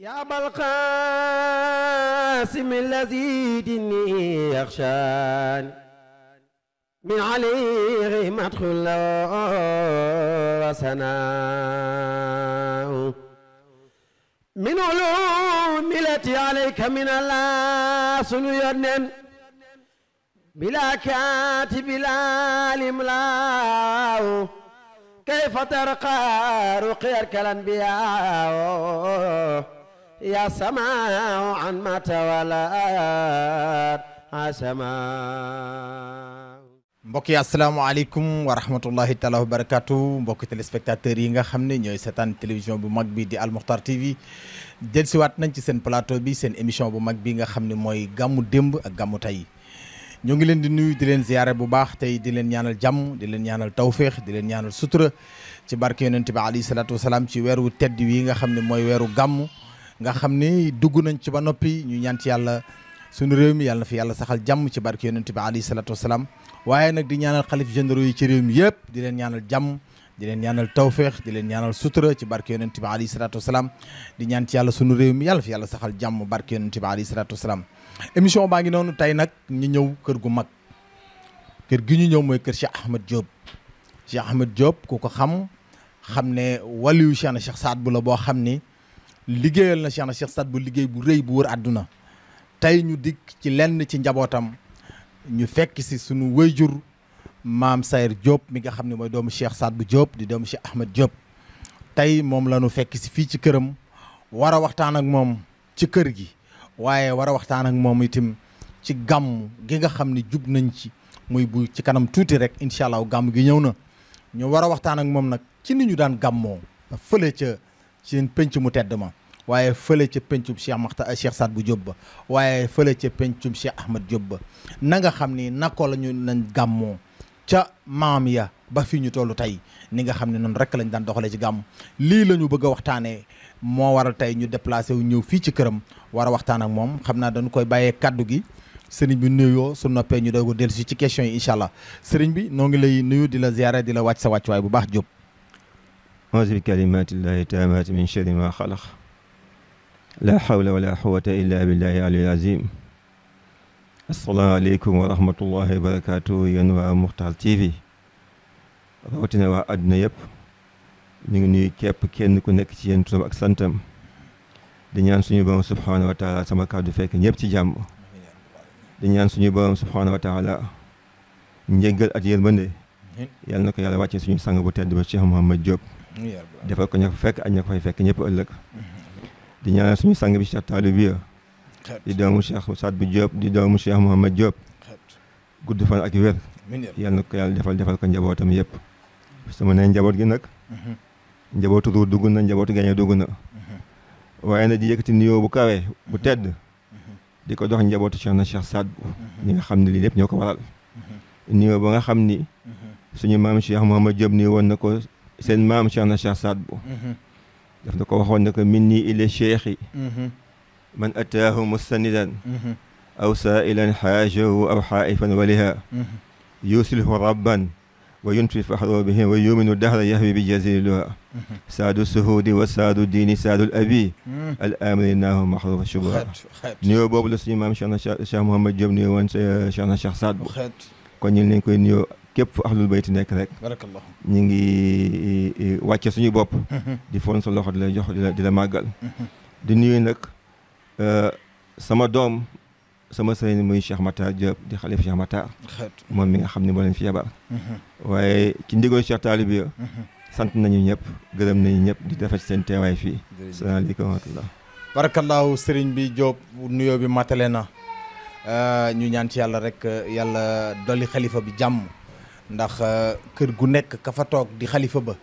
يا أبا القاسم الذي دني يخشاني من عليه مدخل وسناء من علوم التي عليك من الله سنيرنن بلا كاتب لا عالم لا كيف ترقى رقيرك الأنبياء يا سماء عن ما تولات عسماء mbokk yi asalaamaaleykum wa rahmatullahi taala wa barakaatu mbokki téléspectateurs yi nga xam ne ñooy seetaan télévision bu mag bi di Al Moukhtar TV dellusiwaat nañ ci seen plateau bi seen émission bu mag bi nga xam ne mooy gàmmu démb ak gàmmu tey ñoo ngi leen di nuyu di leen ziyaare bu baax tey di leen ñaanal jàmm di leen ñaanal tawféex di leen ñaanal sutura ci barke yonent bi alayhi salaatu ci weeru tedd wi nga xam ne mooy weeru gàmm nga xam ni dugg nañ ci ba noppi ñu ñaan ci yàlla suñu réew mi yàlla fi yàlla saxal jàmm ci barke yonent bi alayhi salaatu wasalaam waaye nag di ñaanal xalif généraux yi ci réew mi yëpp di leen ñaanal jàmm di leen ñaanal tawféex di leen ñaanal sutura ci barke yonent bi alayhi salaatu di ñaan ci yàlla suñu réew mi fi yàlla saxal jàmm barke yonent bi alayhi salaatu wasalaam émission baa ngi noonu tey nag ñu ñëw kër gu mag kër gi ñu ñëw mooy kër Cheikh Ahmed Diop Cheikh Ahmed Diop ku ko xam xam ne waliyu Cheikh na Cheikh Saad bu la boo xam ni liggéeyal na Cheikh na Cheikh Saad bu liggéey bu rëy bu wër àdduna tey ñu dikk ci lenn ci njabootam ñu fekk si sunu wëyjur maam Sayer Diop mi nga xam ne mooy doomu Cheikh Saad bu Diop di doomu Cheikh Ahmed Diop tey moom la ñu fekk si fii ci këram war a waxtaan ak moom ci kër gi waaye war a waxtaan ak moom itam ci gàmm gi nga xam ne jub nañ ci muy bu ci kanam tuuti rek incha gàmm gi ñëw na ñu war a waxtaan ak moom nag ci ni ñu daan gàmmoo fële seen penc mu tedd ma waaye fële ca pencum Cheikh Maxta euh, Cheikh Saad bu Jóob ba waaye fële ca pencum Cheikh Ahmad Jóob ba na nga xam ni nako la ñu nañ gàmmoo ca maam ya ba fi ñu tollu tey ni nga xam ne noonu rek lañu daan doxalee ci gàmm lii la ñu bëgg waxtaanee moo waral tey ñu déplacé wu ñëw fii ci këram war a waxtaan ak moom xam naa dañu koy bàyyee kàddu gi sëriñ bi nuyoo su noppee ñu doog a dellu si ci question yi incha allah sëriñ bi noo ngi lay nuyu di la ziyaare di la wàcc sa wàccuwaay bu baax Jóob وأعوذ بكلمات الله التامات من شر ما خلق لا حول ولا قوة إلا بالله العلي العظيم السلام عليكم ورحمة الله وبركاته ينوى مختار تي في روتنا وأدنى يب نيجي كيب كين نكون نكتين تروب أكسنتم دنيان سنيو بام سبحانه وتعالى سما كادو فيك نيب تي جام دنيان سنيو بام سبحانه وتعالى نيجل أدير بني يالنك يالواتي سنيو سنغبوتي دبشيه محمد جوب defal ko ña fa fekk ak ña fay fekk ñëpp ëllëg di ñaanal suñu sang bi Cheikh Talib bi di doomu Cheikh Saad bu Diop di doomu Cheikh Mouhamad Diop gudd fan ak wér yàlla na ko yàlla defal defal ko njabootam yëpp sama nee njaboot gi nag mhm. njabootu ruur dugg na njabootu gañe dugg na mhm. waaye na di yëkkati nuyoo bu kawe bu mhm. tedd di ko dox njabootu Cheikh na Cheikh Saad bu ñi nga xam ne lii lépp ñoo ko waral nuyoo ba nga xam ni suñu maam Cheikh Mouhamad Diop nii woon na ko seen mam Cheikh na Cheikh Saad Bou daf na ko waxoon ne ila cheikhi man ataahu mustanidan aw saailan xaajahu aw xaaifan waliha yusilhu rabban wa yunfi faxro bihim wa yuminu dahra yahwi bi jaziluha sadu suhudi wa saadu diini saadul abi al amri naahu maxrufa shubuha nuyoo boobu la suñu maam Cheikh na Cheikh Mouhamed Diop nuyoo woon Cheikh na Cheikh Saad ñu ngi koy nuyoo képp lu ahlul bayti nekk rek barakallah ñu ngi e, e, wàcce suñu bopp mhm. di fon sa loxo di la jox di la di màggal mhm. di nuyu nag e, sama doom sama sëriñ muy Cheikh Matar Diop di xalif Cheikh Matar moom mi nga xam ne moo leen fi yabar mhm. waaye ci ndigal Cheikh Talib ya sant nañu ñëpp gërëm nañu ñëpp di defar seen teewaay fii salaamaaleykum wa rahmatullah barakallaahu sëriñ bi Diop nuyoo bi matale na ñu ñaan ci yàlla rek yàlla dolli xalifa bi jàmm ndax euh, kër gu nekk ka fa toog di xalifa ba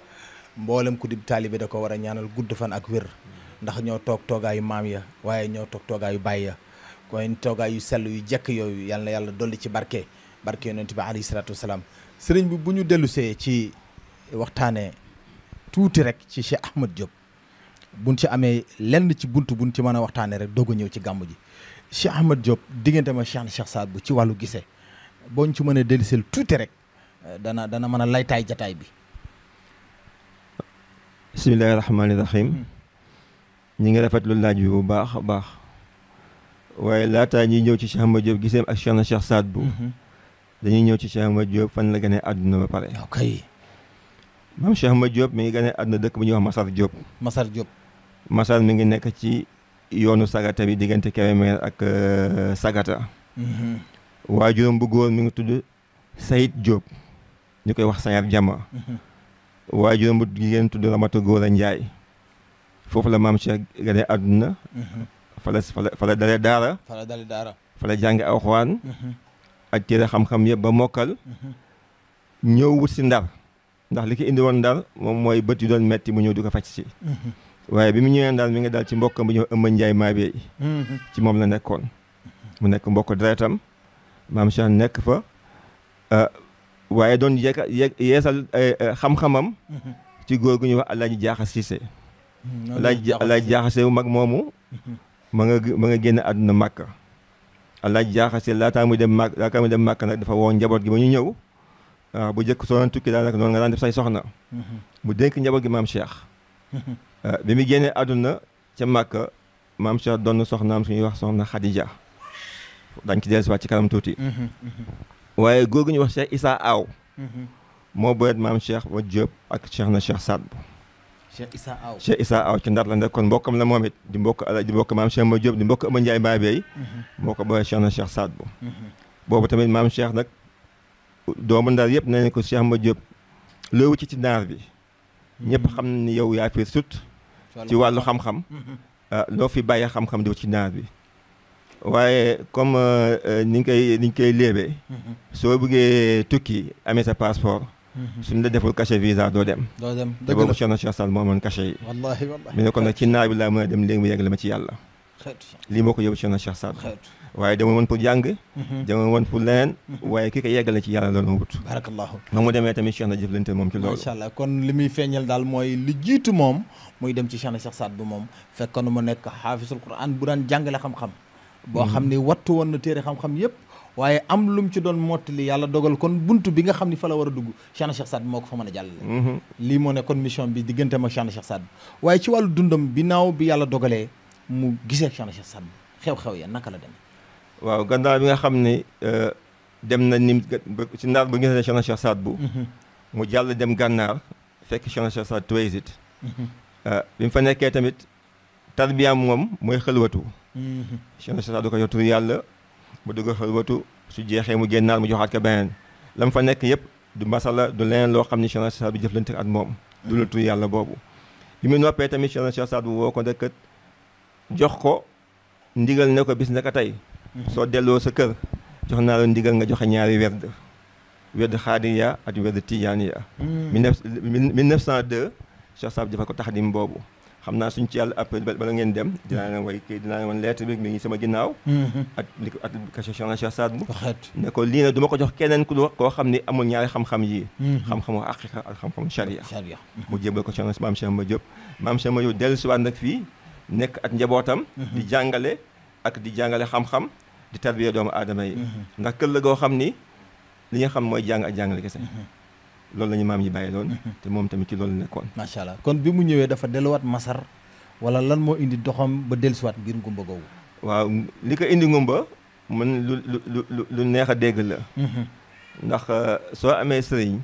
mboolem ku di taalibe da ko war a ñaanal gudd fan ak wér ndax ñoo toog toogaayu maam ya waaye ñoo toog toogaayu baay ya kon toogaay yu sell yu jekk yooyu yal na yàlla dolli ci barke barke yonent bi alayhi salaatu wasalaam sëriñ bi bu ñu dellusee ci waxtaanee tuuti rek ci Cheikh Ahmad Diop buñ ci amee lenn ci bunt buñ ci mën a waxtaanee rek doog ñëw ci gàmm ji Cheikh Ahmad Diop diggante ma Cheikh Cheikh Saad bu ci wàllu gisee boo ci mën a delluseel tuuti rek dana dana mën a laytaay jataay bi bisimilahi rahmaani rahim hmm. ñu ngi rafetlu laaj bi bu baax a baax waaye laataa ñuy ñëw ci Cheikh ma Diop giseem ak Cheikh na Cheikh Saad bu hmm. dañuy ñëw ci Cheikh ma Diop fan la gane àdduna ba pare ok maam Cheikh ma Diop mi ngi gane àdduna dëkk bu ñuy wax Masar Diop Masar Diop Masar mi ngi nekk ci yoonu sagata bi diggante Kébémer ak euh, sagata hmm. waajuram bu góor mi ngi tudd Sayid jóob ñu koy wax sayar jama waajuram bu jigéen tudd Ramatu Góora Njaay foofu la maam Cheikh gane àdduna fa la fa la daara fa la aw daara fa la ak téere xam-xam yëpp ba mokkal ñëw wut si ndar ndax li ko indi woon ndar moom mooy bët yu doon metti mu ñëw di ko faj si waaye bi mu ñëwee ndar mi ngi daal ci mbokkam bu ñëw ëmb Njaay Maabeey ci moom la nekkoon mu nekk mbokk deretam maam Cheikh nekk fa waaye doon yeka yeesal eh, eh, xam-xamam mhm. ci góor gu ñuy wax Alaaji Jaaxa Siise mhm, Alaaji Alaaji Jaaxa Siise bu mag moomu mhm. ma nga gi ma nga génn àdduna Màkka Alaaji Jaaxa Siise laataa muy dem Màkka laataa muy dem màkk nag dafa woo njaboot gi ba ñu ñëw waaw ah, bu njëkk soo doon tukki daanaka noonu nga daan def say soxna mu dénk njaboot gi maam Cheikh ah, bi mu génnee àdduna ca Màkka maam Cheikh doon soxnaam suñuy wax soxna Xadija dañ ci dellusiwaat ci kanam tuuti waaye googu ñu wax Cheikh Issa Aw mhm. moo boyet maam Cheikh wa Diop ak Cheikh na Cheikh Saad Bou Cheikh Issa Aw Cheikh Issa Aw ci ndar la nekkoon mbokkam la moom it di mbokk ala euh, di mbokk maam Cheikh ma Diop di mbokk Ama Ndiaye Baabey mhm. moo ko boyee Cheikh na Cheikh Saad Bou mhm. boobu tamit maam Cheikh nag doomu ndar yëpp nee nañ ko Cheikh ma Diop loowu ci ci naar bi ñëpp xam ne yow yaa fi sut ci wàllu xam-xam euh, loo fi bàyyi xam-xam di ci naar bi waaye comme euh, ni nga koy ni ñu koy léebee mhm. soo bëggee tukki amee sa passeport mhm. suñu la deful cachet visa doo dem doo dem dëgg la boobu Cheikh na Cheikh Sall moo amoon cachet yi a dem léegi mu yegg la ma ci yàlla lii moo ko yóbbu Cheikh na Cheikh Sall waaye dama woon pour jàng mhm. dama woon pour leneen waaye kii ko yeggale ci yàlla loolu ma wut barakallahu moom mu demee tamit Cheikh na jëflante moom ci loolu macha allah kon li muy feeñal daal mooy li jiitu moom muy dem ci Cheikh na Cheikh Sall bu moom fekkoon mu nekk xaafisul Quran bu daan jàngale xam-xam boo xam ni wattu woon na téere xam-xam yëpp waaye am lum ci doon motti li yàlla dogal kon bunt bi nga xam ni fa la war a dugg Cheikhna Cheikh Saad moo ko fa mën a jàllale mhm. lii moo ne kon mission bi digganteem ak waaye ci wàllu dundam binaaw bi yàlla dogalee mu gisee Cheikhna Cheikh Saad xew-xew ya naka la dem waaw gannaaw bi nga xam ni euh, dem na nim ci ndaar bu gisee Cheikhna Cheikh Saad bu mhm. mu jàll dem gànnaar fekk Cheikhna Cheikh Saad mhm. euh, bi mu fa nekkee tamit tarbiyaam moom mooy xëlwatu Mm-hmm. cheikh sata du ko jox tur yàlla mu dugg xalwatu su jeexee mu génnaat mu joxaat ko beneen lam fa nekk yëpp du masala du leneen loo xam ne cheikh sata bi jëflante ak moom du la tur yàlla boobu bi mu noppee tamit cheikh sata bu woo ko ndëkkat jox ko ndigal ne ko bis naka tey mm-hmm. soo delloo sa kër jox naa la ndigal nga joxe ñaari werd werd xaadiriya ak werd tijaaniya 1902 mm-hmm. cheikh sata bi dafa ko taxdim boobu xam naa suñ ci yàlla après bala ngeen dem dinaa leen way kii dinaa leen wan lettre bi sama ginnaaw mm-hmm. ak li ko ak Cheikh na Cheikh ko lii na du ko jox keneen ku koo xam ni amul ñaari xam-xam yii mm-hmm. xam-xamu aqiqa ak xam-xamu sharia mu jébal ko Cheikh na maam Cheikh Ma Diop maam Cheikh Ma Diop dellu siwaat nag fii nekk ak njabootam mm-hmm. di jàngale ak di jàngale xam-xam di tarbiya doomu aadama yi ndax këll goo xam ni li nga xam mooy jàng ak jàngale kese loolu la ñu maam yi bàyyi loon te moom tamit ci loolu nekkoon macha allah kon bi mu ñëwee dafa delluwaat masar wala lan moo indi doxam ba dellusiwaat mbir ngumba googu waaw li ko indi ngumba man lu lu lu lu neex a dégg la mhm. ndax euh, soo amee sëriñ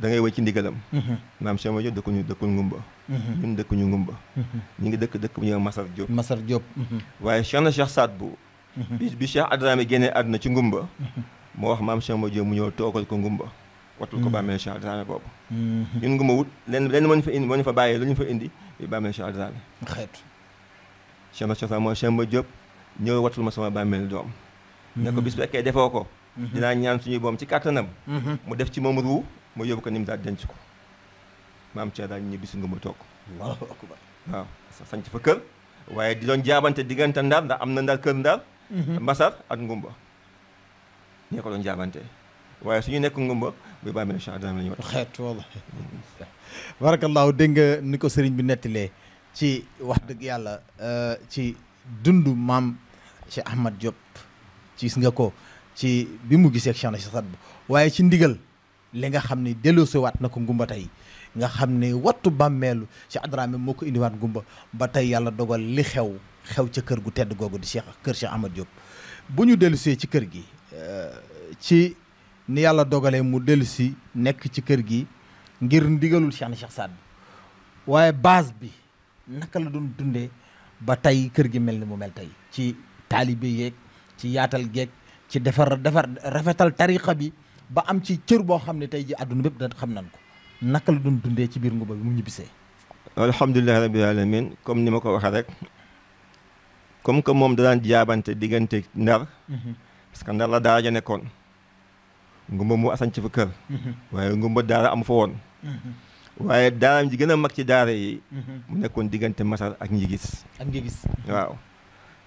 dangay ngay wëy ci ndigalam mhm. maam Cheikh Madiou dëkkuñu dëkkul ngumba mhm. ñun dëkkuñu ngumba ñu ngi dëkk dëkk bu ñëw Masar Diop Masar waaye Cheikh na Cheikh Saad bu bi bi Cheikh Adrame génnee àdduna ci ngumba moo wax maam Cheikh Madiou mu ñëw toogal ko ngumba wattul ko hmm. bàmmeel Cheikh Dramé boobu hmm. ñun ngu ma wut fa indi moo fa bàyyee lu ñu fa indi bàmmeel Cheikh ma Sofa moo Cheikh ma sama bàmmeel doom ne ko hmm. bis fekkee ko dinaa ñaan suñuy boom ci kàttanam mu def ci moom ruu mu ko ni mu denc ko maam Cheikh daal ñu bis nga ma toog waaw sanc kër waaye di doon jaabante diggante ndar ndax am na ndar kër ndar mbasar ak ngumba ñee ko doon jaabante waaye suñu nekk ngumba bu bàyyi ma ne war xeet wala barakallahu dégg nga ni ko sëriñ bi nettalee ci wax dëgg yàlla euh, ci dund maam Cheikh Ahmad Diop ci gis nga ko ci bi mu gisee ak Cheikh na si Sadbu waaye ci ndigal li nga xam ne delloosiwaat na ko ngumba tey nga xam ne wattu bàmmeelu Cheikh Adrame moo ko indiwaat ngumba ba tey yàlla dogal li xew xew ca kër gu tedd googu di Cheikh kër Cheikh Ahmad Diop bu ñu dellusee ci kër gi euh, ci ni yàlla dogalee mu dellu si nekk ci kër gi ngir ndigalul Cheikh na Cheikh Saad bi waaye base bi naka la doon dundee ba tey kër gi mel ni mu mel tey ci taalibe yeeg ci yaatal geeg ci defar defar rafetal tariqa bi ba am ci cër boo xam ne tey ji àdduna bépp da xam nan ko naka la doon dundee ci biir Ngouba bi mu ñibbisee alhamdulilahi rabbil alamin comme ni ma ko waxee rek comme que moom da daan jaabante diggante ndar mhm. parce ndar la daara ja nekkoon ngumba asañ ci fa kër mhm. waaye ngumba daara amu fa woon mhm. waaye daaraam ji gën a mag ci daara yi mhm. mu nekkoon diggante masar ak njigis ak njigis waaw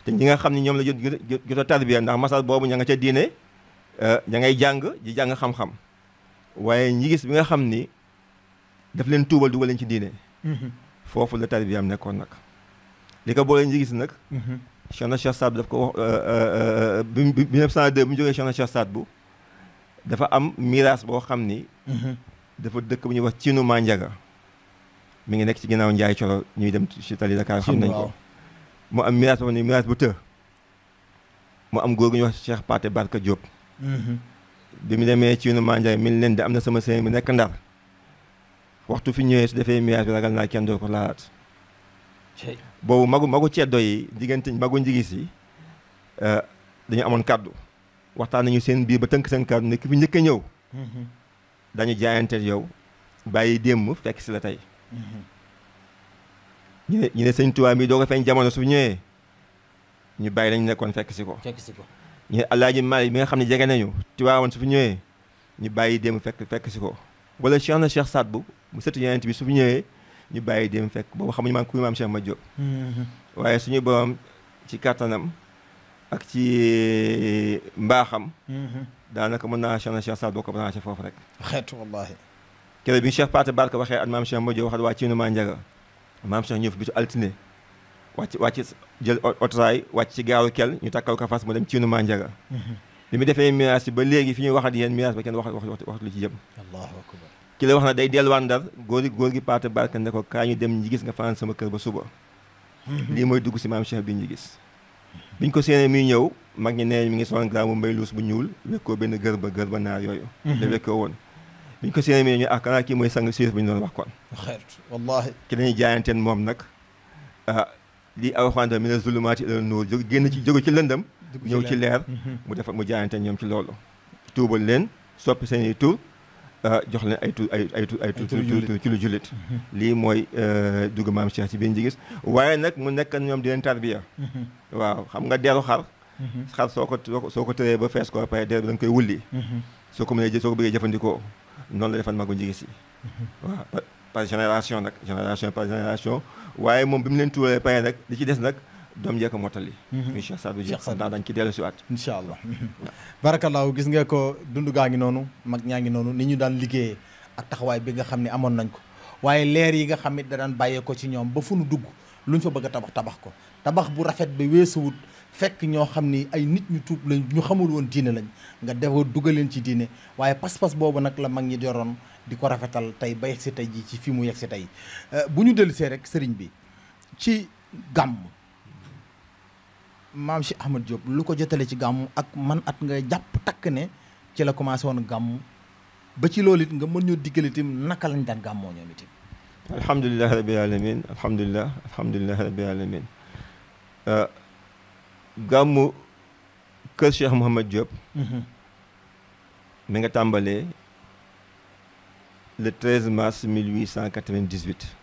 te ñi nga xam ne ñoom la jot jot a tarbiya ndax masar boobu ña nga ca diine euh, ña ngay jàng di jàng xam-xam waaye njigis bi nga xam ni daf leen tuubal dugal leen ci diine foofu la tarbiyaam nekkoon nag li ko boole njigis nag Cheikhna Cheikh Saad bu daf ko wax euh, euh, bi 1902 bi mu jógee Cheikhna Cheikh Saad bu dafa am miraas boo xam ni. Mhm. dafa dëkk bu ñuy wax Cinu Mandiaga mi ngi nekk ci ginnaaw Ndiaye Coro ñuy dem ci tali Dakar xam nañ ko mu am miraas boo xam ne miraas bu të. mu am góor gi ñuy wax Cheikh Pathé Barka Diop. Mhm. bi mu demee Cinu Mandiaga mi leen di am na sama sëñ bu nekk ndar waxtu fi ñëwee su defee miraas bi ragal naa kenn doo ko laalaat. boobu magu magu ceddo yi diggante magu njigis yi euh, dañu amoon kàddu waxtaan nañu seen biir ba tënk seen kàddu ne ki fi njëkk a ñëw mm-hmm. dañu jaayante yow bàyyi démb fekk si la tey mm-hmm. ñu ne ñu ne sëñ Tuubaa bi doo ko feeñ jamono su ñëwee ñu bàyyi lañu nekkoon fekk si ko fekk si ko ñu ne Alaaji Maalik nga xam ne jege nañu Tiwaawan su fi ñëwee ñu bàyyi démb fekk fekk si ko wala Cheikh na Cheikh Saad bu mu sëtu Yonent bi su fi ñëwee ñu bàyyi démb fekk boobu xamuñu maam kuy maam Cheikh ma Jóob mm-hmm. waaye suñu borom ci kattanam ak ci eh, mbaaxam. Mhm. daanaka mën naa Cheikh na Cheikh Saad Bou ko branché foofu rek. xeetu wallaahi. keroog bi Cheikh Paate Barka waxee ak maam Cheikh Mbodjo waxat waa Ciinu maa njaga maam Cheikh ñëw fi bisu altine wàcc wàcc jël otoraay wàcc ci gaaru kel ñu takkal ko fas mu dem Ciinu maa njaga li mhm. mu defee mirage bi ba léegi fi ñuy waxat yéen mirage ba kenn wax wax wax lu ci jëm. allahu akbar. ki la wax na day delluwaan Ndar góor góor gi Paate Barka ne ko kaa ñu dem ñi nga fanaan ba suba. Mhm. lii mooy dugg si maam bi ñu gis. biñ ko séenee muy ñëw mag ñi nee mi ngi sol grand bu mbay luus bu ñuul wekkoo benn gër ba gër ba naar yooyu da mhm. wekkoo woon biñ ko séenee muy ñëw ah kanaa kii mooy sang siif bi ñu doon wax kon wallaahi ki dañuy jaayanteen moom nag ah lii awxanta mi ne zulumaati ila nuur jóg génn ci jóge ci lëndëm ñëw ci leer mhm. mu defar mu jaayanteen ñoom ci loolu tuubal leen sopp seen i tur Ah, jox leen ay tu ay ay tu ay tu ci lu jullit mm-hmm. lii mooy eh, dugg maam Cheikh ci biir gis waaye nag mu nekk ñoom di leen tarbiya mm-hmm. waaw xam nga deru xar mm-hmm. xar soo ko soo ko tëree ba fees ko pare der bi da koy wulli soo ko mënee soo ko bëggee jëfandikoo noonu la defal magu njigis yi waaw par génération nag génération par génération waaye moom bi mu leen tuuralee pare nag li ci des nag doom jee ko mottali. Mhm. muy Cheikh Sadou naa dañ ci dellu si waat. incha allah barakallaahu gis nga ko dund gaa ngi noonu mag ñaa ngi noonu ni ñu daan liggéeyee ak taxawaay bi nga xam ne amoon nañ ko waaye leer yi nga xam ne da daan bàyyee ko ci ñoom ba fu nu dugg lu ñu fa bëgg a tabax tabax ko tabax bu rafet bi weesuwut fekk ñoo xam ni ay nit ñu tuub lañ ñu xamul woon diine lañ nga def dugaleen ci diine waaye pas-pas boobu nag la mag ñi yoroon di ko rafetal tey ba yegg si tey jii ci fi mu yegg si tey euh, bu ñu dellusee rek sëriñ bi ci gàmm maam Cheikh Ahmad Diop lu ko jotale ci gàmm ak man at nga jàpp takk ne ci la commencé woon gàmm ba ci loolu it nga mën ñoo diggal naka lañ daan gàmmoo ñoom itam. alhamdulilah rabil alamin alhamdulilah alhamdulilah rabil alamin euh, gàmmu kër Cheikh Mouhamad Diop. Mhm. mi nga tàmbalee le 13 mars 1898.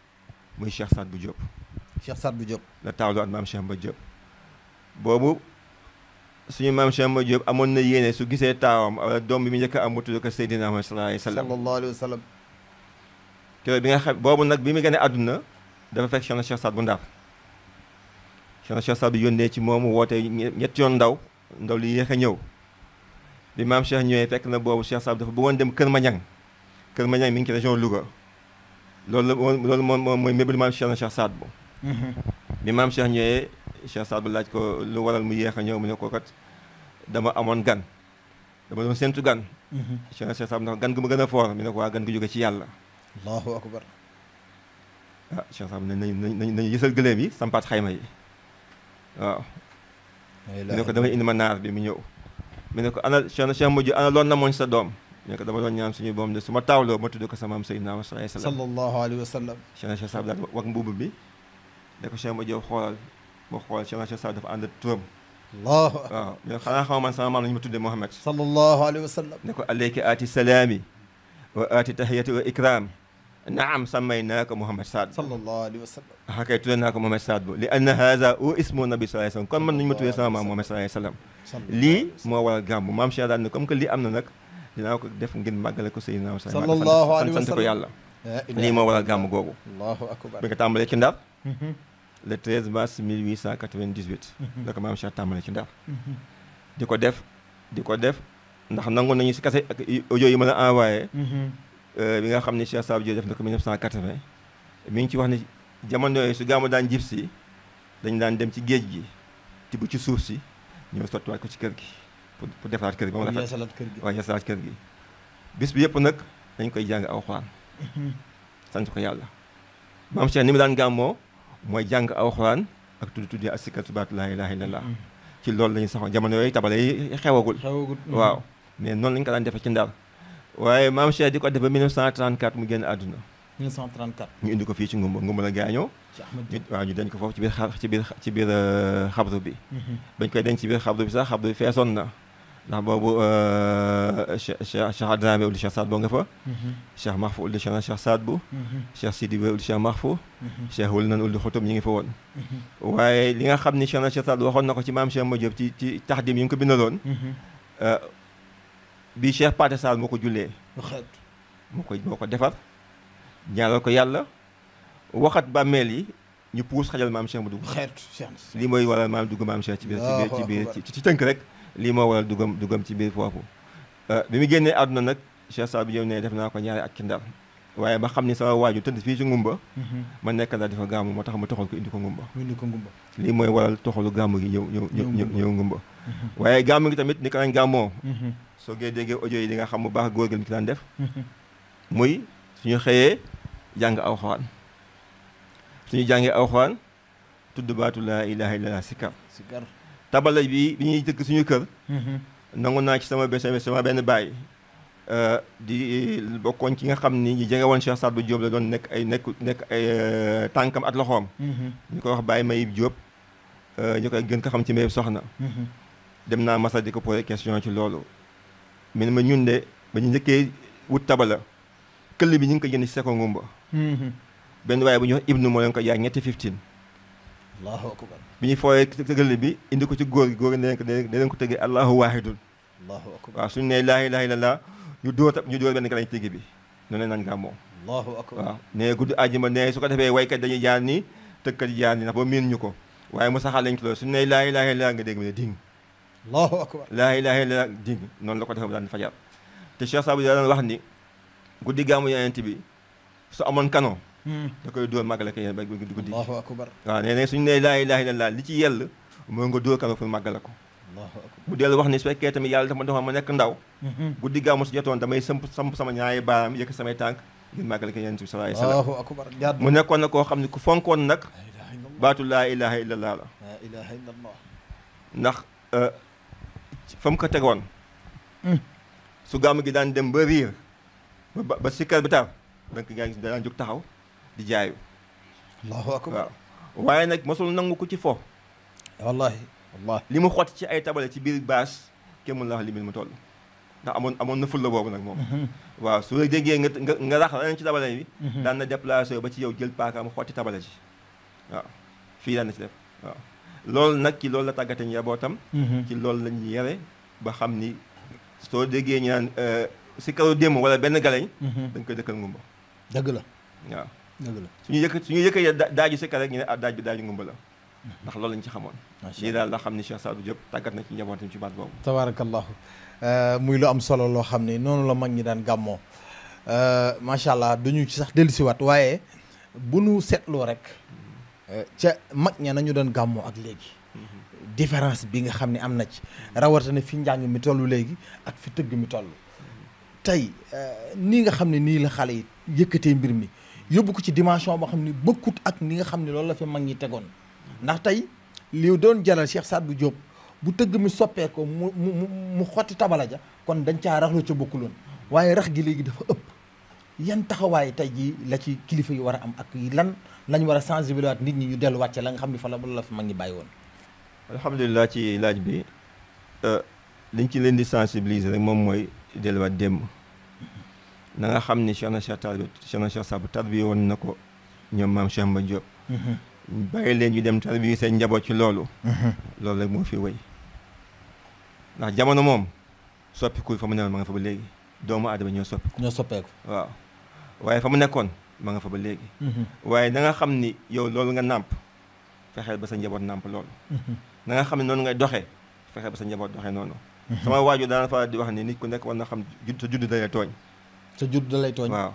muy Cheikh Saad bu Diop. Cheikh Saad bu Diop. la tawlu at mam Cheikh Amba Diop. boobu suñu mam Cheikh Amba Diop amoon na yene su gisee tawam wala doom bi mi ñëk a am mu ko sayyidina Muhammad sallallahu alayhi wasallam sallallahu alayhi wasallam keroog bi nga xam bobu nak bi mi gëne aduna dafa fekk Cheikh Cheikh Saad bu Ndar. Cheikh Cheikh Saad bu ci momu wote ñet yon ndaw ndaw li yéex ñëw. bi mam Cheikh ñewé fekk na bobu Cheikh Saad dafa bu won dem Kër Mañang Kër ñang mi ngi ci région Louga. loolu la loolu moom mooy mébélu maam Cheikh na Cheikh Saad Bou mhm. bi maam Cheikh ñëwee Cheikh laaj ko lu waral mu yéex a ñëw mu ko kat dama amoon gan dama doon gan mhm. Cheikh na Cheikh Saad ma gën a mi ne gan gu jóge ci yàlla allahu akbar ah Cheikh Saad Bou ne nañu nañu nañu yësal gëléem yi sampaat xayma yi waaw mu indi ma naar bi mu ñëw mu ne ko ana Cheikh na Cheikh mujj ana na mooñ sa doom ne ko dama doon ñaan suñu boom de su ma taawloo ma tudd ko sama maam Seydina Muhammad sallallahu alayhi wa sallam sallallahu alayhi wa sallam Cheikh Cheikh Saad daal wax mbuubu bi da ko Cheikh ma Diop xoolal boo xool Cheikh Cheikh Saad dafa ànd ak turam waaw ño xanaa xama man sama maam lañu ma tuddee Muhammad sallallahu alayhi wa sallam ne ko alayka aati salaami wa aati tahiyati wa ikram naam samay naa ko Muhammad Saad sallallahu alayhi wa sallam a kay tuddee naa ko Muhammad Saad bu li anna haza u ismu nabi sallallahu alayhi wa sallam kon man nañu ma tuddee sama maam Muhammad sallallahu alayhi wa sallam lii moo waral gàmmu maam Cheikh daal ne comme que lii am na nag dinaa ko def ngeen màggale ko Seydina Muhammad sallallahu alayhi wa sallam sant ko yàlla lii moo waral gàmm googu allahu akbar bi nga tàmbalee ci ndar mhm. le 13 mars 1898 mhm. la ko maam Cheikh tàmbalee ci ndar mhm. di ko def di ko def ndax nangu nañu si kase ak audio yi mën a envoyé euh, bi nga xam ne Cheikh Saab Diop def na ko 1980 mi ngi ci wax ne jamono yooyu su gàmmu daan jib si dañu daan dem ci géej gi tibb ci suuf si ñëw sottiwaat ko ci kër gi pour pour defaraat kër gi moom rafet waaw yeesalaat bis bi yëpp nag dañ koy jàng alxuraan sant ko yàlla maam Cheikh ni mu daan gàmmoo mooy jàng alxuraan ak tudd tuddee ak sikkatu baatu laa ilaaha illallaah mm-hmm. ci loolu lañu saxoon jamono yooyu tabale yi xewagul mm-hmm. waaw mais noonu lañu ko daan defee ci ndar waaye maam Cheikh di ko def ba mu génn àdduna ñu indi ko fii ci ngumba ngumba la gaañoo waaw ñu denc ko foofu ci biir ci biir ci biir euh, xabru bi mm-hmm. bañ koy denc ci biir xabru bi sax xabru bi ndax boobu euh, Cheikh Cheikh Adramé ul Cheikh Saad boo nga fa. Mhm. Cheikh Mahfou ul Cheikh Cheikh Saad bu. Mhm. Cheikh Sidi Ba ul Cheikh Mahfou. Mhm. Cheikh wul nan ul xutub ñi ngi fa woon. waaye li nga xam ni Cheikh Cheikh Saad waxoon na ko ci maam Cheikh Ma Diop ci ci taxdim yi nga ko bindaloon. Euh, bi Cheikh Pathé Sall moo ko jullee. moo ko moo ko defar. ñaaral ko yàlla waxat bàmmeel yi ñu puus xajal maam Cheikh mu dugg. li mooy waral maam dugg maam Cheikh. ci biir ci biir rek. lii moo waral dugam dugam ci biir foofu euh, bi mu génnee àdduna nag Cheikh bi Bou Diop def naa ko ñaari at ci ndar waaye ba xam ni sama waaju tëdd fii ci ngumba mhm. ma nekk daal dafa gàmmu moo tax ma toxal ko indi ko ngumba lii mooy waral toxalu gàmmu gi ñëw ñëw ñëw ñëw ngumba mhm. waaye gàmmu gi tamit ni ko lañ gàmmoo mhm. soo gee déggee yi di nga xam bu baax góor gi mu ci daan def muy suñu xëyee jàng aw xawaan suñu jàngee aw xawaan tudd baatu laa ilaaha illallah sikar tabala bi bi ñuy jëkk suñu kër. Mhm. nangu naa ci sama benn sama benn baay. Euh, di bokkoon ci nga xam ni ñu jege woon Cheikh Sadou jóob la doon nekk ay nekk nekk ay euh, tànkam ak loxoom. Mhm. ñu ko wax Baye Mayib Diop. Euh, ñu koy gën ko xam ci Mayib Soxna. Mhm. dem naa Massa di ko posé question ci loolu. mais ma ñun de ba ñu njëkkee wut tabala këll bi ñu ngi ko jënd ci Seko Ngumba. benn waaye bu ñu wax Ibnu moo leen ko jaay ñetti fifteen. allahu akbar bi ñuy fooyee tëgale bi indi ko ci góor gi góor gi ne leen ko tëggee allahu waahidun allahu akbar waaw nee laa ilaaha illallah ñu dóor tam ñu dóor benn kalañ tëgg bi noonu naan gàmmoo allahu akbar waaw nee guddi àjjuma nee su ko defee waykat dañuy jaan ni tëggkat yi jaan ni ndax boo miin ñu ko waaye mu saxal lañ ci loolu suñu nee laa ilaaha illallah nga dégg mu ne ding allahu akbar laa ilaaha illallah ding noonu la ko defee mu daan fajar te Cheikh Saabou daan wax ni guddi gàmmu yonent bi su amoon canon da koy dóor màggale ko yéen ba di ko di allahu waaw nee na suñu nee laa ilaaha illallaah li ci yell moo nga dóor karo fu ko mu dellu wax ni su fekkee tamit yàlla dafa doxoon ma nekk ndaw mhm. guddi gaaw mu damay sëmp samp sama ñaari baaraam yëkk samay tànk ngir màggale ko yéen bi sallallahu alayhi wa sallam mu nekkoon na koo xam ne ku fonkoon nag baatu laa ilaaha illallaah la ilaaha illallaah ndax euh, fa mu ko tegoon mm. su gàmm gi daan dem ba riir ba sikkar bi tar donc gaa ngi daan jóg taxaw di jaayu allahu akbar waaw waaye nag mosul nangu ko ci fo wallahi wallahi li mu xotti ci ay tabale ci biir baas kenn mën la wax limit mu toll ndax amoon amoon na ful la boobu nag moom mhm. waaw su la jegee nga nga nga rax leneen ci tabale bi mhm. daan na ba ci yow jël paaka mu xotti tabale ji waaw fii daan na ci def waaw loolu nag ci loolu la tàggate njabootam mhm. ci loolu lañ yere ba xam ni soo jegee ñu naan euh, si karu démb wala benn galañ dañ koy dëkkal ngumba dëgg la waaw suñu yëkk suñu yëkkee daaju sikka rek ñu ne ah daaj bi daaju ngumba la mm-hmm. ndax loolu lañ ci xamoon lii daal la xam ne Cheikh Sadou Diop tàggat na ci njabootam ci baat boobu tabarakallahu euh, muy lu am solo loo xam ne noonu la mag ñi daan gàmmoo euh, macha allah duñu ci sax dellusiwaat waaye bu nu seetloo rek mm-hmm. euh, ca mag ña nañu doon gàmmoo ak léegi mm-hmm. différence bi nga xam ne am na ci rawatina fi njàng mi toll léegi ak fi tëgg mi toll tey nii nga xam ne nii la xale yi yëkkatee mbir mi yóbbu ko ci dimension boo xam ni bëkkut ak ni nga xam ne loolu la fi mag ñi tegoon ndax tey li doon jaral Cheikh Sadou Diop bu tëgg mi soppeeku ko mu mu mu xotti tabala ja kon dañ caa raxlu ca bokkuloon waaye rax gi léegi dafa ëpp yan taxawaay tey jii la ci kilifa yi war a am ak lan lañ war a sensibiliser nit ñi ñu delluwaat ci la nga xam ne fa la la fi mag ñi bàyyi woon. alhamdulilah ci laaj bi euh, liñ ci leen di sensibiliser rek moom mooy delluwaat démb. na nga xam ni Cheikh na Cheikh Tall Cheikh woon na ko ñoom maam Cheikh Mba Diop mhm. bàyyi leen ñu dem tarbiye seen njaboot ci loolu mhm. loolu rek moo fi wéy ndax jamono moom soppikuy fa mu newoon ma nga fa ba léegi doomu aadama ñoo soppiku ñoo soppeeku waaye fa mu nekkoon ma nga fa ba léegi mhm. waaye na xam ni yow loolu nga nàmp fexeel ba sa njaboot nàmp loolu na nga xam ne noonu ngay doxee fexeel ba sa njaboot doxee noonu sama waajur daana fa di wax ni nit ku nekk war na xam judd sa judd dalee tooñ sa judd da lay tooñ waaw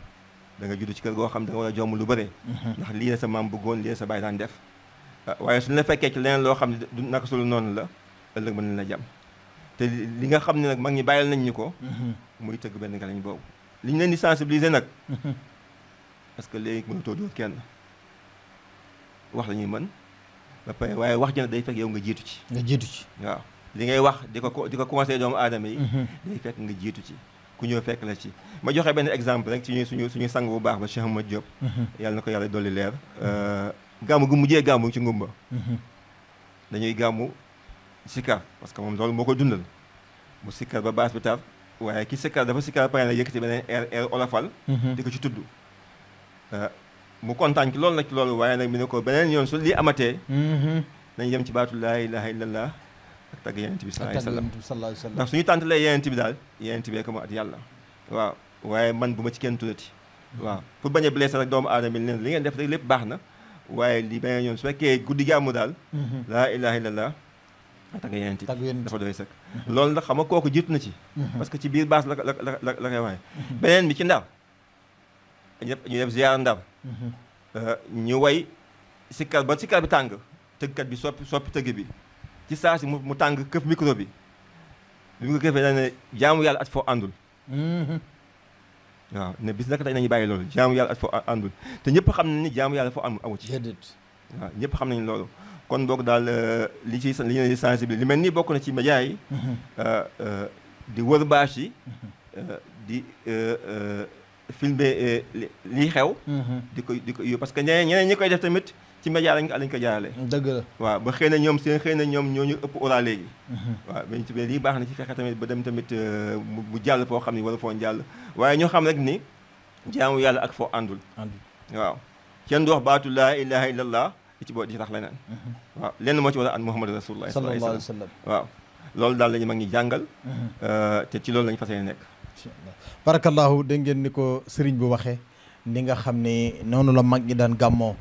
danga nga ci kër goo xam da nga war a jomm lu bëri mhm. ndax lii la sa maam bëggoon lii la sa baay daan def ah, waaye suñu la fekkee ci leneen loo xam ne du naka sulu noonu la ëllëg mën na la te li nga xam ne nag mag ñi bàyyil nañ ñu ko mhm. muy tëgg benn galañ boobu li ñu leen di sensibiliser nag mhm. parce que léegi mënatoo kenn wax lañuy mën ba waaye wax ji day fekk yow nga jiitu ci nga jiitu ci waaw li ngay wax di ko ko di ko conseillé doomu aadama yi day nga jiitu ci ku ñëw fekk la ci ma joxe benn exemple rek ci suñu suñu bu baax ba Cheikh Ahmad Diop mhm. yàlla na ko yàlla dolli leer euh, gàmmu gu mujjee gàmmu ci ngumba mhm. dañuy gàmmu sikkar parce que moom loolu moo ko dundal bu sikkar ba baas bi tar waaye ki sikkar dafa sikkar pare na yëkkati beneen air air olofal mhm. di ci tudd euh, mu kontaan ci loolu nag ci loolu waaye nag mi ne ko beneen yoon su lii amatee nañ yem ci baatu laa ilaha tagg yonent bi sallallahu alayhi wasallam ndax suñu tàntalee yonent bi daal yonent bee ko mu at yàlla waaw waaye man bu ma ci kenn tuddati waaw pour bañ a blessé rek doomu aadama leen li ngeen def rek lépp baax na waaye li bañ a ñoom su fekkee guddi gàmmu daal mhm. laa ilaha illallah tagg yonent bi dafa doy sëkk mhm. loolu nag xam nga kooku jiitu na ci mhm. parce que ci biir baas la la la la koy waxee beneen bi ci ndar ñu def ziar ndar euh, ñu way sikkar ba sikkar bi tàng tëggkat bi soppi soppi tëgg bi ci saa si mu tàng këf micro bi bi mu ko jaamu yàlla at foo àndul mm-hmm. waaw ne bis naka tey ñu bàyyi loolu jaamu yàlla at foo àndul te ñëpp xam nañ ni jaamu yàlla foo am amu ci waaw ñëpp xam nañ loolu kon boog daal euh, li ci li ñu sensibiliser li mel nii bokk na ci média yi mm-hmm. euh, euh, di wër bâche yi mm-hmm. di filmer li xew di ko di ko parce que ñeneen ñeneen ñi koy def tamit ci média lañ ko lañ ko jaarale dëgg la waaw ba xëy na ñoom seen xëy na ñoom ñoo ñu ëpp oral léegi mhm. waaw bee lii baax na ci fexe tamit ba dem tamit euh, mu jàll foo xam ne wala foo jàll waaye ñoo xam rek ni jaamu yàlla ak foo àndul waaw kenn du wax baatu laa ilaha illallah di ci boo di ci tax leneen mhm. lenn moo ci war a ànd muhammadu rasulullah sallallahu alayhi wa sallam waaw loolu daal la ñu mag ñi jàngal mhm. euh, te ci loolu la ñu fas yéene nekk barakallahu dégg ngeen ni ko sëriñ bu waxee ni nga xam ne noonu la mag ñi daan gàmmoo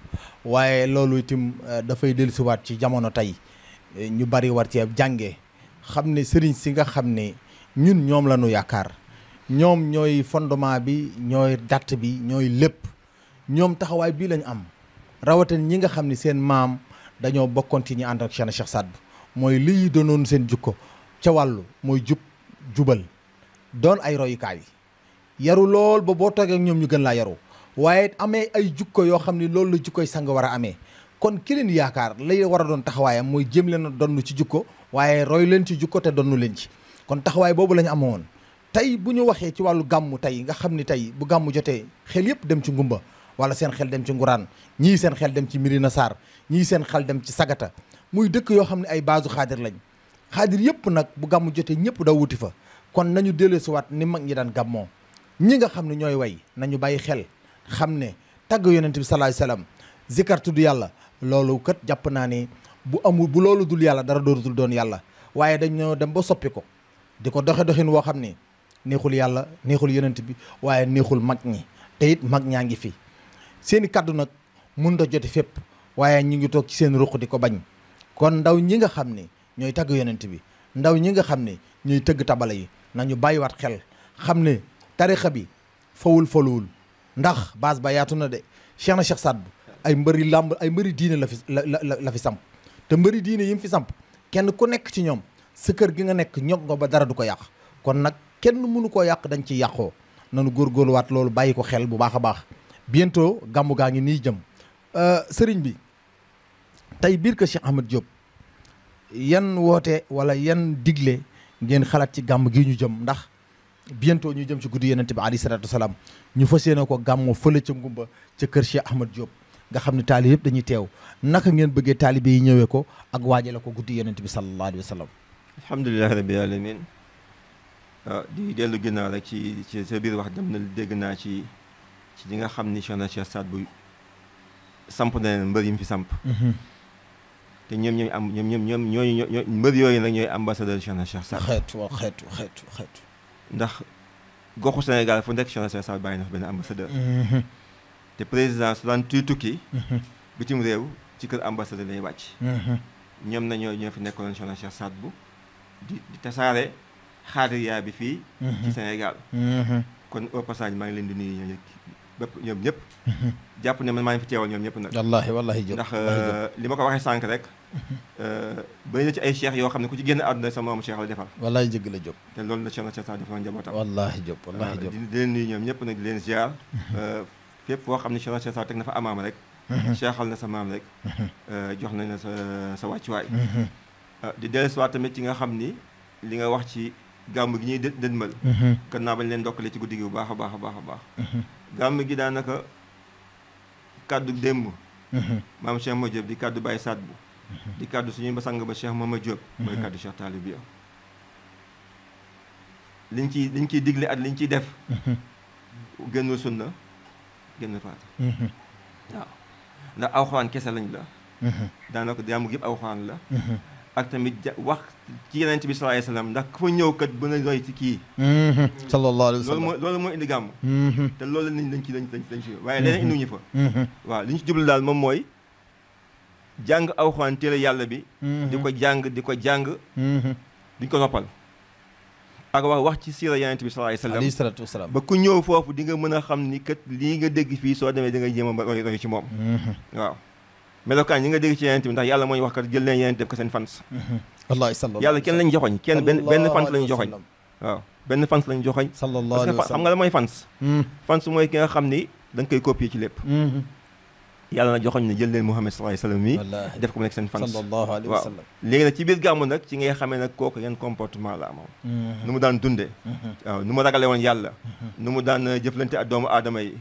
waaye loolu itam euh, dafay dellusiwaat ci jamono tey ñu bari war ci jànge xam ne sëriñ si nga xam ne ñun ñoom la ñu yaakaar ñoom ñooy fondement bi ñooy date bi ñooy lépp ñoom taxawaay bii lañu am rawatina ñi nga xam ne seen maam dañoo bokkoon ci ñi ànd ak Cheikh mooy lii doonoon seen jukko ca wàllu mooy jub jubal doon ay royukaay yaru lool ba boo toogee ñoom ñu gën laa yaru waaye amee ay jukko yoo xam ni loolu la jukkoy sang war a amee kon keneen yaakaar lay war a doon taxawaayam mooy jéem leen a donn ci jukko waaye roy leen ci jukko te donnu leen ci kon taxawaay boobu la ñu amoon tey bu ñu waxee ci wàllu gàmmu tey nga xam ni tey bu gàmmu jotee xel yëpp dem ci ngumba wala seen xel dem ci nguraan ñii seen xel dem ci Mirina Sarr ñii seen xel dem ci sagata muy dëkk yoo xam ne ay baasu xaadir lañ xaadir yëpp nag bu gàmmu jotee ñëpp daw wuti fa kon nañu delloosiwaat ni mag ñi daan gàmmoo ñi nga xam ne ñooy way nañu bàyyi xel xam ne tagg yonent bi salaay salaam zikar tudd yàlla loolu kat jàpp naa ne bu amul bu loolu dul yàlla dara dootul doon yàlla waaye dañoo dem ba soppi ko di ko doxe doxin woo xam ne neexul yàlla neexul yonent bi waaye neexul mag ñi te it mag ñaa ngi fi seeni kàddu nag mënut a joti fépp waaye ñu ngi toog ci seen ruq di ko bañ kon ndaw ñi nga xam ne ñooy tàgg yonent bi ndaw ñi nga xam ne ñooy tëgg tabala yi nañu bàyyiwaat xel xam ne tarixa bi fawul faluwul ndax base ba yaatu na de Cheikh na Cheikh Saad Bou ay mbëri làmb ay mbëri diine la fi la la fi samp te mbëri diine yi fi samp kenn ku nekk ci ñoom sa kër gi nga nekk ñoog nga ba dara du ko yàq kon nag kenn mënu koo yàq dañ ciy yàqoo nanu góorgóorluwaat loolu bàyyi ko xel bu baax a baax bientôt gàmmu gaa ngi nii jëm euh, sëriñ bi tey biir ko Cheikh Ahmed Diop yan woote wala yan digle ngeen xalaat ci gàmm gi ñu jëm ndax bientôt ñu jëm ci guddi yonent bi alayhi salaatu ñu fas yéene ko gàmmoo fële ca ngumba ca kër Cheikh Ahmad Diop nga xam ne taali yëpp dañuy teew naka ngeen bëggee taalibe yi ñëwee ko ak waajale ko guddi yonent bi sallallahu alayhi wa sallam alhamdulilahi rabbil alamin ah, di dellu ginnaaw rek ci ci sa biir wax dem na dégg naa ci ci li nga xam ni Cheikh na Cheikh bu samp na leen mbër yi fi samp mhm. te ñoom ñooy am ñoom ñoom ñoom ñooy mbër yooyu nag ñooy ambassadeur Cheikh na Cheikh Saad xeetu ndax goxu Sénégal fu nekk Cheikh Sassane bàyyi na fa benn ambassadeur. Mhm. te président su daan tuy tukki. Mhm. bitim réew ci kër ambassadeur lay wàcc. Mhm. ñoom nañoo ñoo fi nekkoon Cheikh Cheikh Saad bu di di tasaare xaadiriyaa bi fii. ci Sénégal. kon au passage maa ngi leen di nuyu ñoom ñëpp. jàpp ne man maa ngi fi teewal ñoom ñëpp nag ndax euh, li ma ko waxee sànq rek euh, bëri na ci ay cheikh yoo xam ne ku ci génn àdduna sa moom cheikh la defal wallaahi jëgg la Diop te loolu la cheikh na cheikh sa defal njabootam wallaahi Diop wallaahi Diop di leen nuyu ñoom ñëpp nag di leen ziar euh, fépp boo xam ne cheikh na cheikh sa teg na fa amaam rek cheikhal na sa maam rek jox nañ la sa sa wàccuwaay di dellusiwaat tamit ci nga xam ni li nga wax ci gàmm gi ñuy dënmal kan naa bañ leen dokkale ci guddi gi bu baax a baax a baax a baax gàmm gi daanaka kàddu démb mhm. maam Cheikh Ma Diop di kàddu Baye Saad bu mhm. di kàddu suñu ba sang ba Cheikh Mama Diop mhm. mooy kaddu Cheikh Talib bi liñ ciy liñ ciy digle at liñ ciy def génnul sunna génnul faata waaw ndax aw xawaan kese lañ la daanaka jaamu yëpp aw xawaan la ak tamit wax ci yeneen bi sallallahu alayhi wa sallam ñëw kat bu na ci kii. Mhm. sallallahu alayhi wa moo loolu moo indi gàmm. Mhm. te lañ lañ lañ lañ waaye leneen mhm. indi ñu fa. waaw li ñu ci daal moom mooy jàng alxuraan téere yàlla bi. di ko jàng di ko jàng. duñ ko noppal. ak wax ci siira yonent bi sallallahu alayhi wa sallam ba ku ñëw foofu di nga mën a xam ni kat li nga dégg fii soo demee di nga jéem a roy ci moom. waaw. melokaan yi nga dégg ci yonent bi ndax yàlla mooy wax kat jël leen yonent def ko seen fans yàlla kenn lañ joxoñ kenn benn benn fans lañ joxoñ waaw benn fans lañ joxoñ sallallahu alayhi wa sallam xam nga la mooy fans hmm. fans mooy ki nga xam ni da koy koy copier ci lépp hmm. yàlla na joxoñ ne jël leen Muhammad sallallahu alayhi wa sallam mi def ko mu nekk seen fans sallallahu wa sallam léegi nag ci biir gàmmu nag ci ngay xamee nag kooku yan comportement la amoon hmm. nu mu daan dundee waaw nu mu ragale woon yàlla nu mu daan jëflante ak doomu aadama yi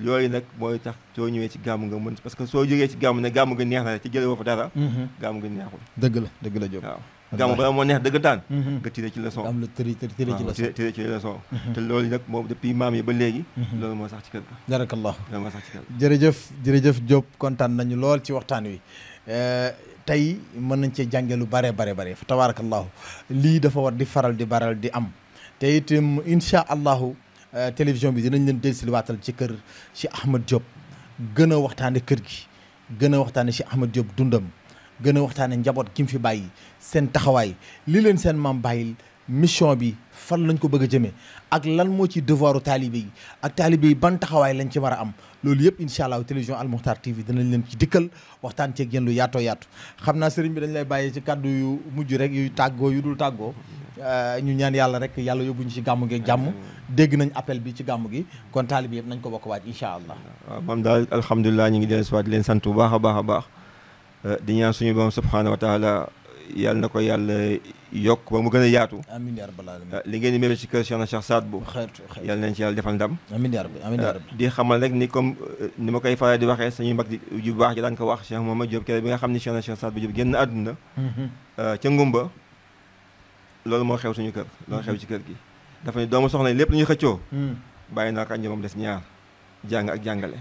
loolu nag mooy tax soo ñëwee ci gàmm nga mën parce que soo jógee ci gàmm ne gàmm nga neex na ci jëlee woo fa dara mhm. gàmm nga neexul dëgg la dëgg la Diop waaw gàmm bala moo neex dëgg daan mhm. nga tiré ci leçon am la tiré tiré ci leçon mhm. te loolu nag moom depuis maam yi ba léegi loolu moo sax ci kër ga barakallah loolu moo sax ci kër ga kontaan nañu lool ci waxtaan wi eh, tey mën nañ cee jànge lu bare bare bare fa tabarakallahu lii dafa war di faral di baral di am te it itam incha allahu Euh, télévision bi dinañ leen dellusiwaatal ci kër ci Ahmed Diop gën a waxtaane kër gi gën a waxtaane ci Ahmed Diop dundam gën a waxtaane njaboot gi mu fi bàyyi seen taxawaay li leen seen maam bàyyil mission bi fan lañ ko bëgg a jëmee ak lan moo ci devoiru taalibe yi ak taalibe yi ban taxawaay lañ ci war a am loolu yëpp incha allah télévision Al Moukhtar TV danañ leen ci dikkal waxtaan ceeg yéen lu yaatoo yaatu xam naa sëriñ bi dañ lay bàyyee ci kàddu yu mujj rek yu tàggoo yu dul tàggoo euh, ñu ñaan yàlla rek yàlla yóbbuñu ci gàmm gi jàmm dégg nañ appel bi ci gàmm gi kon taalibe yëpp nañ ko bokk waaj incha allah waaw mam daal alhamdulilah ñu ngi dellusiwaat leen sant bu baax a baax a baax euh, di suñu borom subhaanahu wa taala yàlla na ko yàlla yokk ba mu gën a yaatu amiin yaa li ngeen di mébé ci kër Cheikh Cheikh Saad bu yàlla nañ ci yàlla defal ndam amiin yaa rabbi amiin di xamal rek ni comme ni ma koy faral di waxee suñu mag ju baax ji daan ko wax Cheikh Mohamed Diop kere bi nga xam ni Cheikh Cheikh Saad bu Diop génn àdduna mm-hmm. euh, ca ngumba loolu moo xew suñu kër loolu xew ci kër gi dafa ne doomu soxna yi lépp lu ñuy xëccoo mm. bàyyi naa ko ak ñoom des ñaar jàng ak jàngale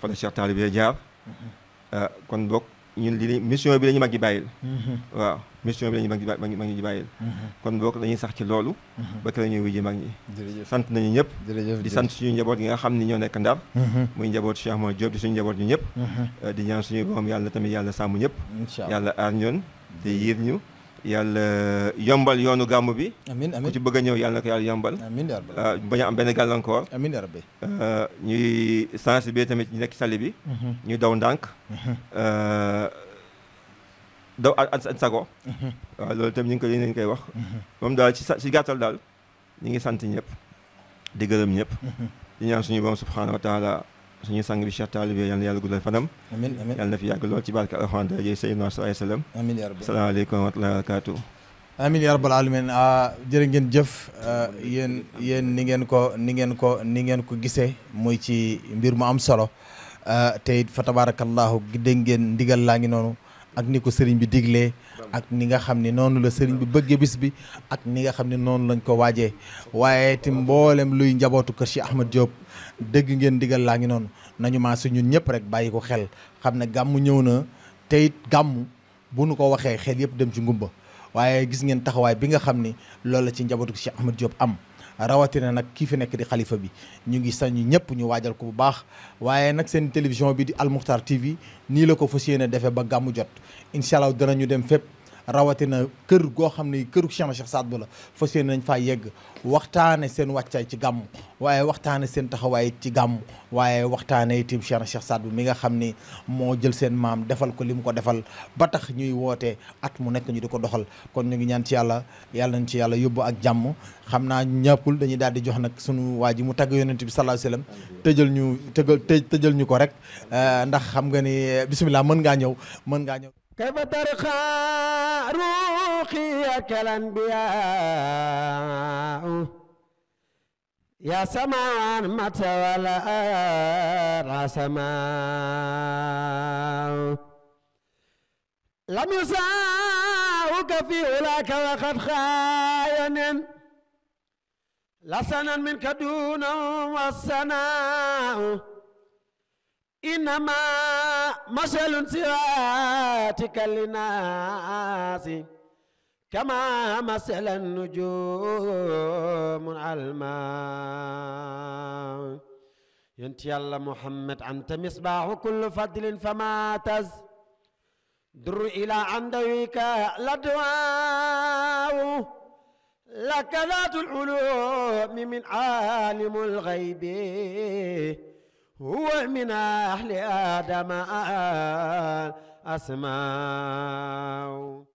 fa la Cheikh Taalib jaar mm-hmm. euh, kon bokk ñu li mission bi la ñu mag ji bàyyil mhm. waaw mission bi la ñu mag ji mag ji bàyyil mhm. kon boog dañuy sax ci loolu mhm. ba kër ñuy wujji mag ñi sant nañu ñëpp di sant suñu njaboot gi nga xam ni ñoo nekk ndar muy njaboot Cheikh Ahmad Diop di suñu njaboot ñu ñëpp di ñaan suñu borom yàlla tamit yàlla sàmm ñëpp yàlla aar ñoon te yiir ñu yàlla euh, yombal yoonu gàmm bi. amiin ci bëgg a ñëw yàlla na ko yàlla yombal. amiin yaa rabbi euh, a am benn gàllankoor. amiin yaa rabbi euh, ñuy tamit ñu nekk sali bi. Mhm. ñu daw ndànk. Mhm. daw at at sago. Mhm. waaw loolu itam ñu ngi koy ñu ngi koy wax. moom daal ci si gàttal daal ñu ngi sant ñëpp di gërëm ñëpp. di ñaan suñu borom subhanahu wa suñu sang bi Cheikh Talibe yal na yàlla guddal fanam amiin amiin yàlla na fi yàgg lool ci barke alxuraan dajey Seydina sallallahu alayhi wa sallam amiin yaa rabbi salaamaaleykum wa rahmatullahi ah, ngeen jëf ah, yéen yéen ni ngeen ko ni ngeen ko ni ngeen ko gisee muy ci mbir mu am solo ah, te it fa tabarakallahu dégg ngeen ndigal laa ngi noonu ak ni ko sëriñ bi diglee ak ni nga xam ne noonu la sëriñ bi bëggee bis bi ak ni nga xam ne noonu lañ ko waajee waaye tim mboolem luy njabootu kër Cheikh Ahmed Diop dëgg ngeen digal laa ngi noonu nañu maa ñun ñëpp rek bàyyi ko xel xam ne gàmm ñëw na teyit gàmm bu nu ko waxee xel yëpp dem ci ngumba waaye gis ngeen taxawaay bi nga xam ni loolu la ci njabootu Cheikh Ahmed Diop am rawatina nag kii fi nekk di xalifa bi ñu ngi sañu ñëpp ñu waajal ko bu baax waaye nag seen télévision bi di Al Moukhtar TV nii la ko fas yéene defee ba gàmmu jot incha allah ñu dem fépp rawatina kër goo xam ne këru Cheikh na Cheikh Saad Bou la fas yéene nañ faa yegg waxtaane seen wàccaay ci gàmm waaye waxtaane seen taxawaay ci gàmm waaye waxtaane itam Cheikh na Cheikh mi nga xam ni moo jël seen maam defal ko li mu ko defal ba tax ñuy woote at mu nekk ñu di ko doxal kon ñu ngi ñaan ci yàlla yàlla nañ ci yàlla yóbbu ak jàmm xam naa ñàppul dañuy daal di jox nag suñu waa ji mu tagg yonent bi sallallahu alayhi wasallam tëjal ñu tëgal tëjal ñu ko rek ndax xam nga ni bismillah mën ngaa ñëw mën ngaa ñëw كيف ترخى روحي كالأنبياء يا سماء متى ولا أرى سماء لم يساوك في أولاك وقد خاين لسنا منك دون والسناء إنما مثل سواتك للناس كما مثل النجوم على انت يا يلا محمد أنت مصباح كل فضل فما تز در إلى عندك لدواء لك ذات العلوم من عالم الغيب هو من أهل آدم آه، آه، آه، أسماء